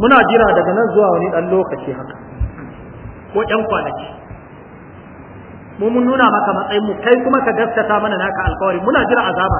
muna jira daga nan zuwa wani dan lokaci haka ko ɗan kwanaki mu mun nuna maka matsayin mu kai kuma ka gaskata mana naka alkawari muna jira azaba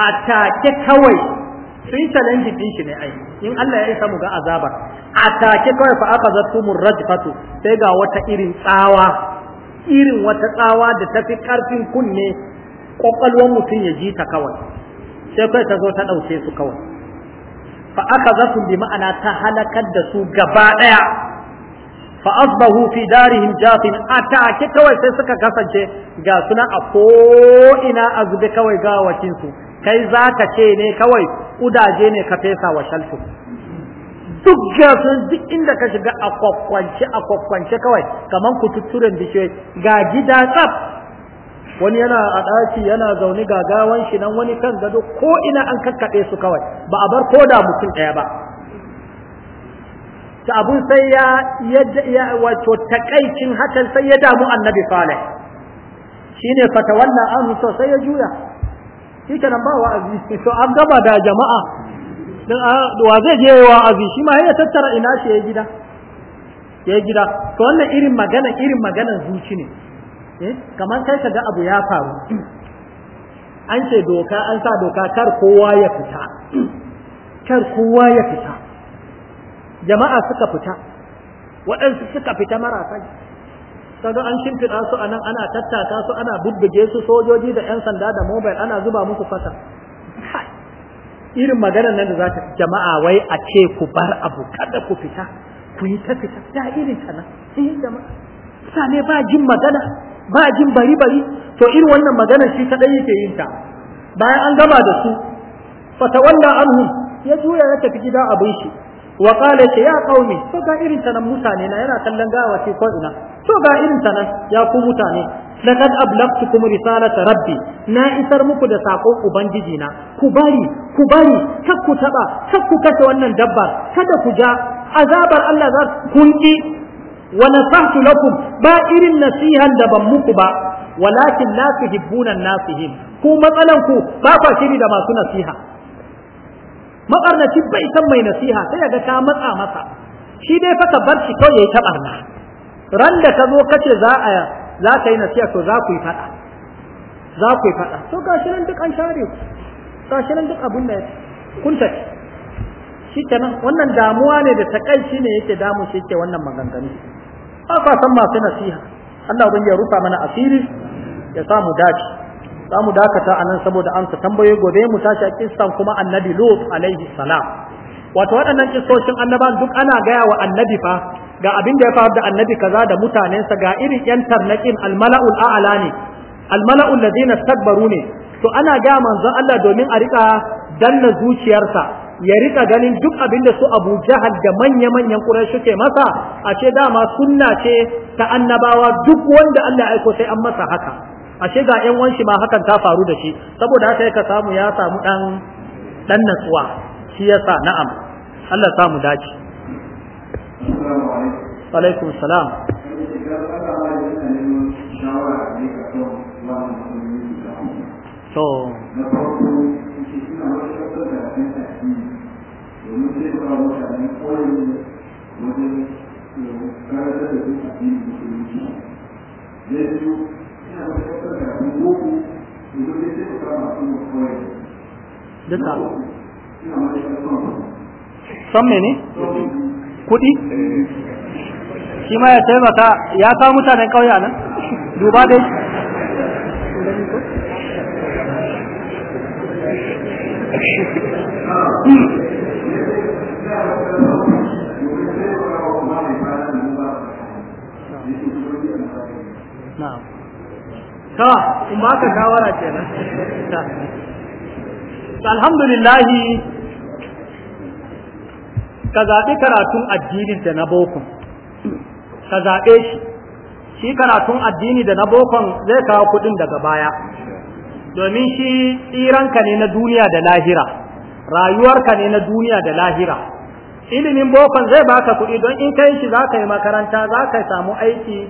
a take kawai sun challenge din shi ne ai in Allah ya isa mu ga azabar a take kawai fa aka zattumur rajfatu sai ga wata irin tsawa irin wata tsawa da tafi karfin kunne kokalwan mutum ya ji ta kawai sai kai ta zo ta dauke su kawai fa aka zartu bi ma'ana ta halakar da su gaba daya fa asbahu fi darihim jafin atake kawai sai suka kasance ga suna a ko ina azube kawai wakin su kai za ka ce ne kawai ƙudaje ne ka fesa wa shalfu duk gasun duk inda ka shiga a kwakwance a kwakwance kawai kamar kututturen bishiyoyi ga gida tsaf wani yana a ɗaki yana zaune ga gawan shi nan wani kan gado ko ina an kakkaɓe su kawai ba a bar koda mutum ɗaya ba ta abun sai ya wato takaicin hakan sai ya damu annabi salih shine wannan an sosai ya juya shi nan ba wa'azi to an gaba da jama'a ah, wa zai je wa'azi shi ma ya tattara ina shi ya gida ya gida to wannan irin magana irin magana zuci ne eh kamar kai kaga abu ya faru an ce doka an sa doka kar kowa ya fita kar kowa ya fita jama'a suka fita waɗansu suka fita marasa kaga an shimfiɗa su a nan ana tattata su ana bubbuge su sojoji da 'yan sanda da mobile ana zuba musu fata irin maganar nan da za ta jama'a wai a ce ku bar abu kada ku fita ku yi ta fita da irin ta nan sai eh, jama'a sane ba jin magana ba jin bari bari to irin wannan magana shi ta dai yake yin ta bayan an gama da su an anhum ya juya ya tafi gida abin shi wa qala ce ya qaumi to ga irin ta mutane na yana kallon gawa ce ko ina to ga irin ta ya ku mutane laqad ablaqtukum risalata rabbi na isar muku da sakon ubangiji na ku bari ku bari kar ku taba kar ku kace wannan dabbar kada ku ja azabar Allah za kun ki wa nasahtu lakum ba irin nasihan da ban muku ba walakin la tuhibbuna nasihin ku matsalan ku ba fa shiri da masu nasiha mabarnaci bai san mai nasiha sai ga ta matsa masa shi dai fa ka bar shi kawai yayi ta barna ran da ka zo kace za a za ka yi nasiha to za ku yi faɗa, za ku yi fada to gashi nan duk an share ku gashi nan duk abun da kun ta shi ta kenan wannan damuwa ne da takaici ne yake damu shi yake wannan maganganu ba kwa san masu nasiha Allah ubangiji ya rufa mana asiri ya samu dace za mu dakata a nan saboda ansa tambayoyi gobe mu tashi a kistan kuma annabi lut alaihi salam wato waɗannan kistoshin annaban duk ana gaya wa annabi fa ga abin da ya faru da annabi kaza da mutanensa ga irin yan tarnaƙin almala'ul a'ala ne almala'ul ladina stakbaru ne to ana gaya manzon Allah domin a rika danna zuciyarsa ya rika ganin duk abin da su Abu Jahal da manya-manyan Quraysh suke masa a ce dama sunna ce ta annabawa duk wanda Allah ya aiko sai an masa haka ashe ga yan wanshi ma hakan ta faru da shi saboda haka ya samu ya samu dan dan natsuwa shi yasa na'am Allah samu dace alaikum salam to Thank you. boko kuɗi shi ma ya taimaka ya kawo mutanen ƙauya nan duba dai ah. ta in ba ka shawara alhamdulillah ka zaɓi karatun addini da na bokon ka zaɓe shi shi karatun addini da na bokon zai kawo kuɗin daga baya domin shi tsiranka ne na duniya da lahira rayuwarka ne na duniya da lahira ilimin bokon zai baka kuɗi don in kai shi za ka yi makaranta za ka samu aiki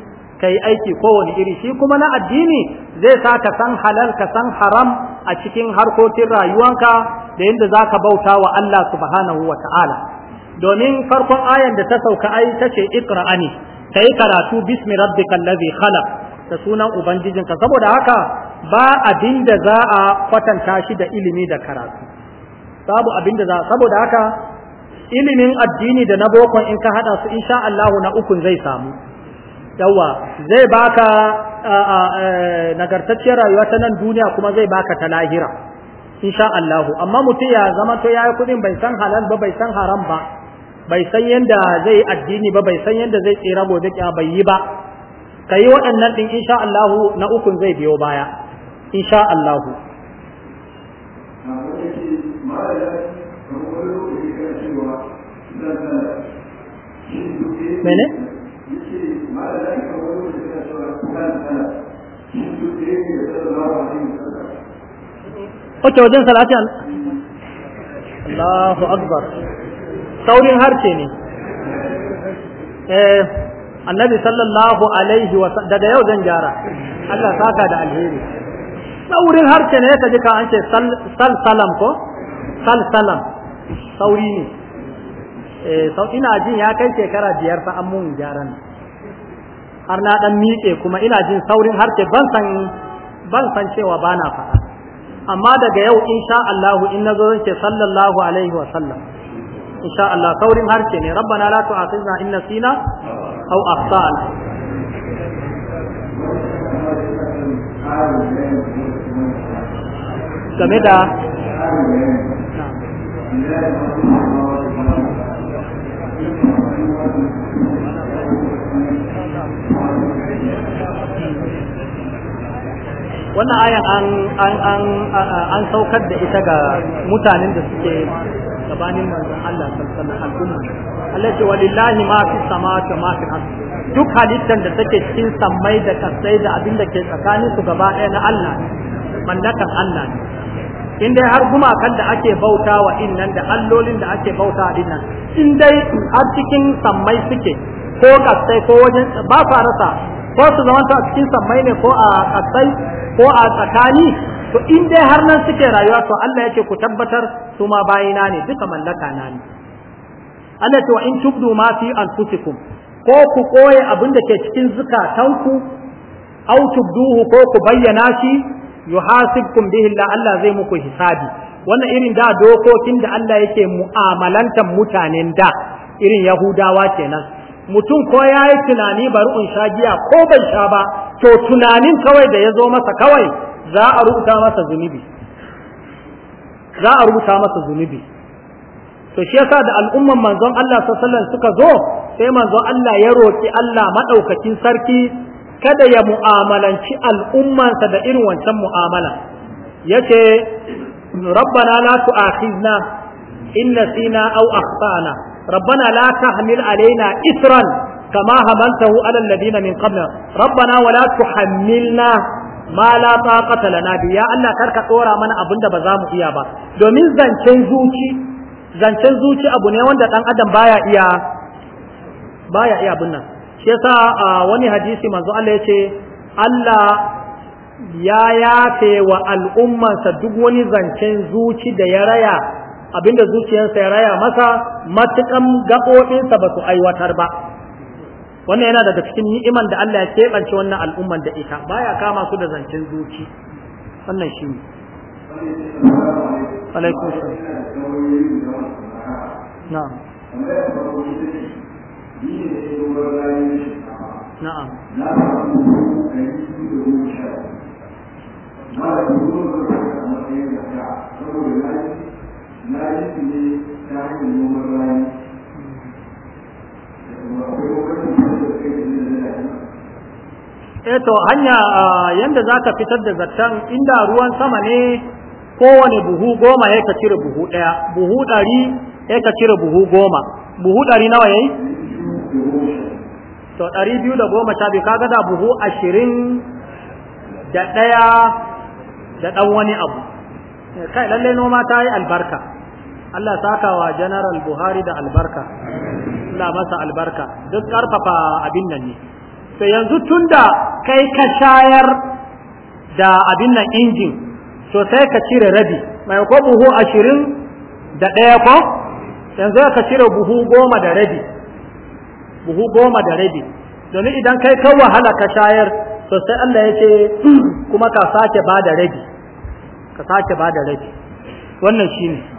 ka yi aiki kowane iri shi kuma na addini zai sa ka san halal ka san haram a cikin harkokin rayuwanka da yadda za ka bauta wa Allah subhanahu wa ta'ala domin farkon ayan da ta sauka ai ta ce iqra'ani ka yi karatu bismi rabbikal ladhi khalaq da sunan ubangijinka saboda haka ba abin da za a kwatanta shi da ilimi da karatu babu abin da za saboda haka ilimin addini da na bokon in ka hada su insha Allah na ukun zai samu yawa zai baka e, nagartacciyar rayuwa ta nan duniya kuma zai baka ta lahira insha Allah amma mutum ya zama to yayi kudin bai san halal ba bai san haram ba bai san yanda zai addini ba bai san yanda zai tsira gobe kya bai yi ba kai waɗannan din insha Allah na ukun zai biyo baya insha Allah mene Oke, wajen salati Allahu akbar saurin harce ne eh annabi sallallahu alaihi wa daga yau zan gyara Allah saka da alheri saurin harce ne ka ka an ce sal salam ko sal salam sauri ne eh ina jin ya kai shekara biyar fa an mun gyaran har na dan miƙe kuma ina jin saurin harshe ban san ban san cewa bana faɗa amma daga yau insha Allah in nazo zance sallallahu alaihi wa sallam insha Allah saurin harshe ne rabbana la tu'akhizna in nasina aw akhtana game da wannan ayan an an an an saukar da ita ga mutanen da suke gabanin manzon Allah sallallahu alaihi wasallam Allah ce walillahi ma fi samawati ma fi ardh duk halittar da take cikin sammai da kasai da abin da ke tsakanin su gaba ɗaya na Allah mallakan Allah ne in dai har gumakan da ake bauta wa innan da allolin da ake bauta wa innan in dai har cikin sammai suke ko kasai ko wajen ba fa rasa ko su zamanta a cikin sammai ne ko a kasai ko a tsakani to in dai har nan suke rayuwa to Allah yake ku tabbatar su ma bayina ne duka mallaka na ne Allah ce wa in tubdu ma fi anfusikum ko ku koye abin da ke cikin zukatanku au tubduhu ko ku bayyana shi yuhasibkum bihi Allah zai muku hisabi wannan irin da dokokin da Allah yake mu'amalantar mutanen da irin Yahudawa kenan mutum ko ya yi tunani bari in sha giya ko bai sha ba to tunanin kawai da ya zo masa kawai za a rubuta masa zunubi za a rubuta masa zunubi to shi yasa da al'umman manzon Allah sallallahu suka zo sai manzon Allah ya roki Allah madaukakin sarki kada ya mu'amalanci al'ummansa da irin wancan mu'amala yace rabbana la tu'akhizna in nasina aw akhtana ربنا لا تحمل علينا إسرا كما حملته على الذين من قبلنا ربنا ولا تحملنا ما لا طاقة لنا به يا الله كرك دورا من أبن da ba za mu iya ba domin zancen zuci zancen wanda ɗan adam baya iya iya abun nan shi yasa wani hadisi manzo Allah yace Allah ya yafe wa al'ummansa duk wani zancen zuci da ya raya abinda zuciyarsa ya raya masa matukan gaɓoɓinsa ba su aiwatar ba wannan yana daga cikin ni'iman da Allah ya keɓance wannan al'umman da ita baya kama su da zancen zuci wannan shi ne na'am na'am na'am Eto eh hanya yadda za ka fitar da zattan inda ruwan sama ne kowane buhu goma ya ka cire buhu ɗaya, buhu ɗari ya ka cire buhu goma, buhu ɗari nawa ya yi? To ɗari biyu da goma sha biyu kaga da buhu ashirin da ɗaya da ɗan wani abu. Eh, kai lallai noma ta yi albarka. Allah sakawa General Buhari da albarka Allah masa albarka duk karfafa abin nan ne to yanzu tunda kai ka shayar da abin nan injin to sai ka cire rabi mai ko buhu ashirin da ɗaya ko yanzu ka cire buhu goma da rabi buhu goma da rabi domin idan kai ka wahala ka shayar to sai Allah ya ce hmm, kuma ka sake ba da rabi ka sake ba da rabi wannan shine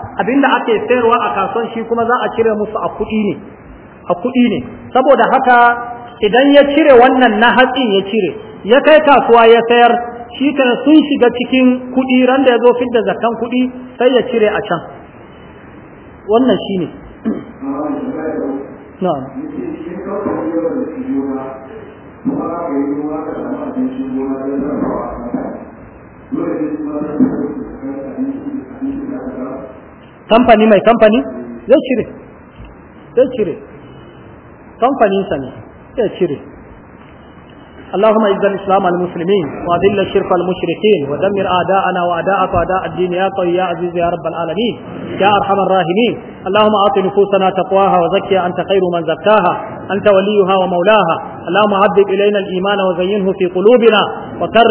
abinda ake sayarwa a kasuwan shi kuma za a cire musu a kuɗi ne a kuɗi ne saboda haka idan ya cire wannan na hatsin ya cire ya kai kasuwa ya sayar shi kana sun shiga cikin kuɗi ran da ya zo fidda zakan kuɗi sai ya cire a can wannan shi ne na'am kamfani mai kamfani zai cire zai cire kamfaninsa ne zai cire اللهم اعز الاسلام المسلمين واذل الشرك المشركين ودمر اعداءنا واعداءك واعداء الدين يا قوي يا عزيز يا رب العالمين يا ارحم الراحمين اللهم اعط نفوسنا تقواها وزكها انت خير من زكاها انت وليها ومولاها اللهم عذب الينا الايمان وزينه في قلوبنا وكر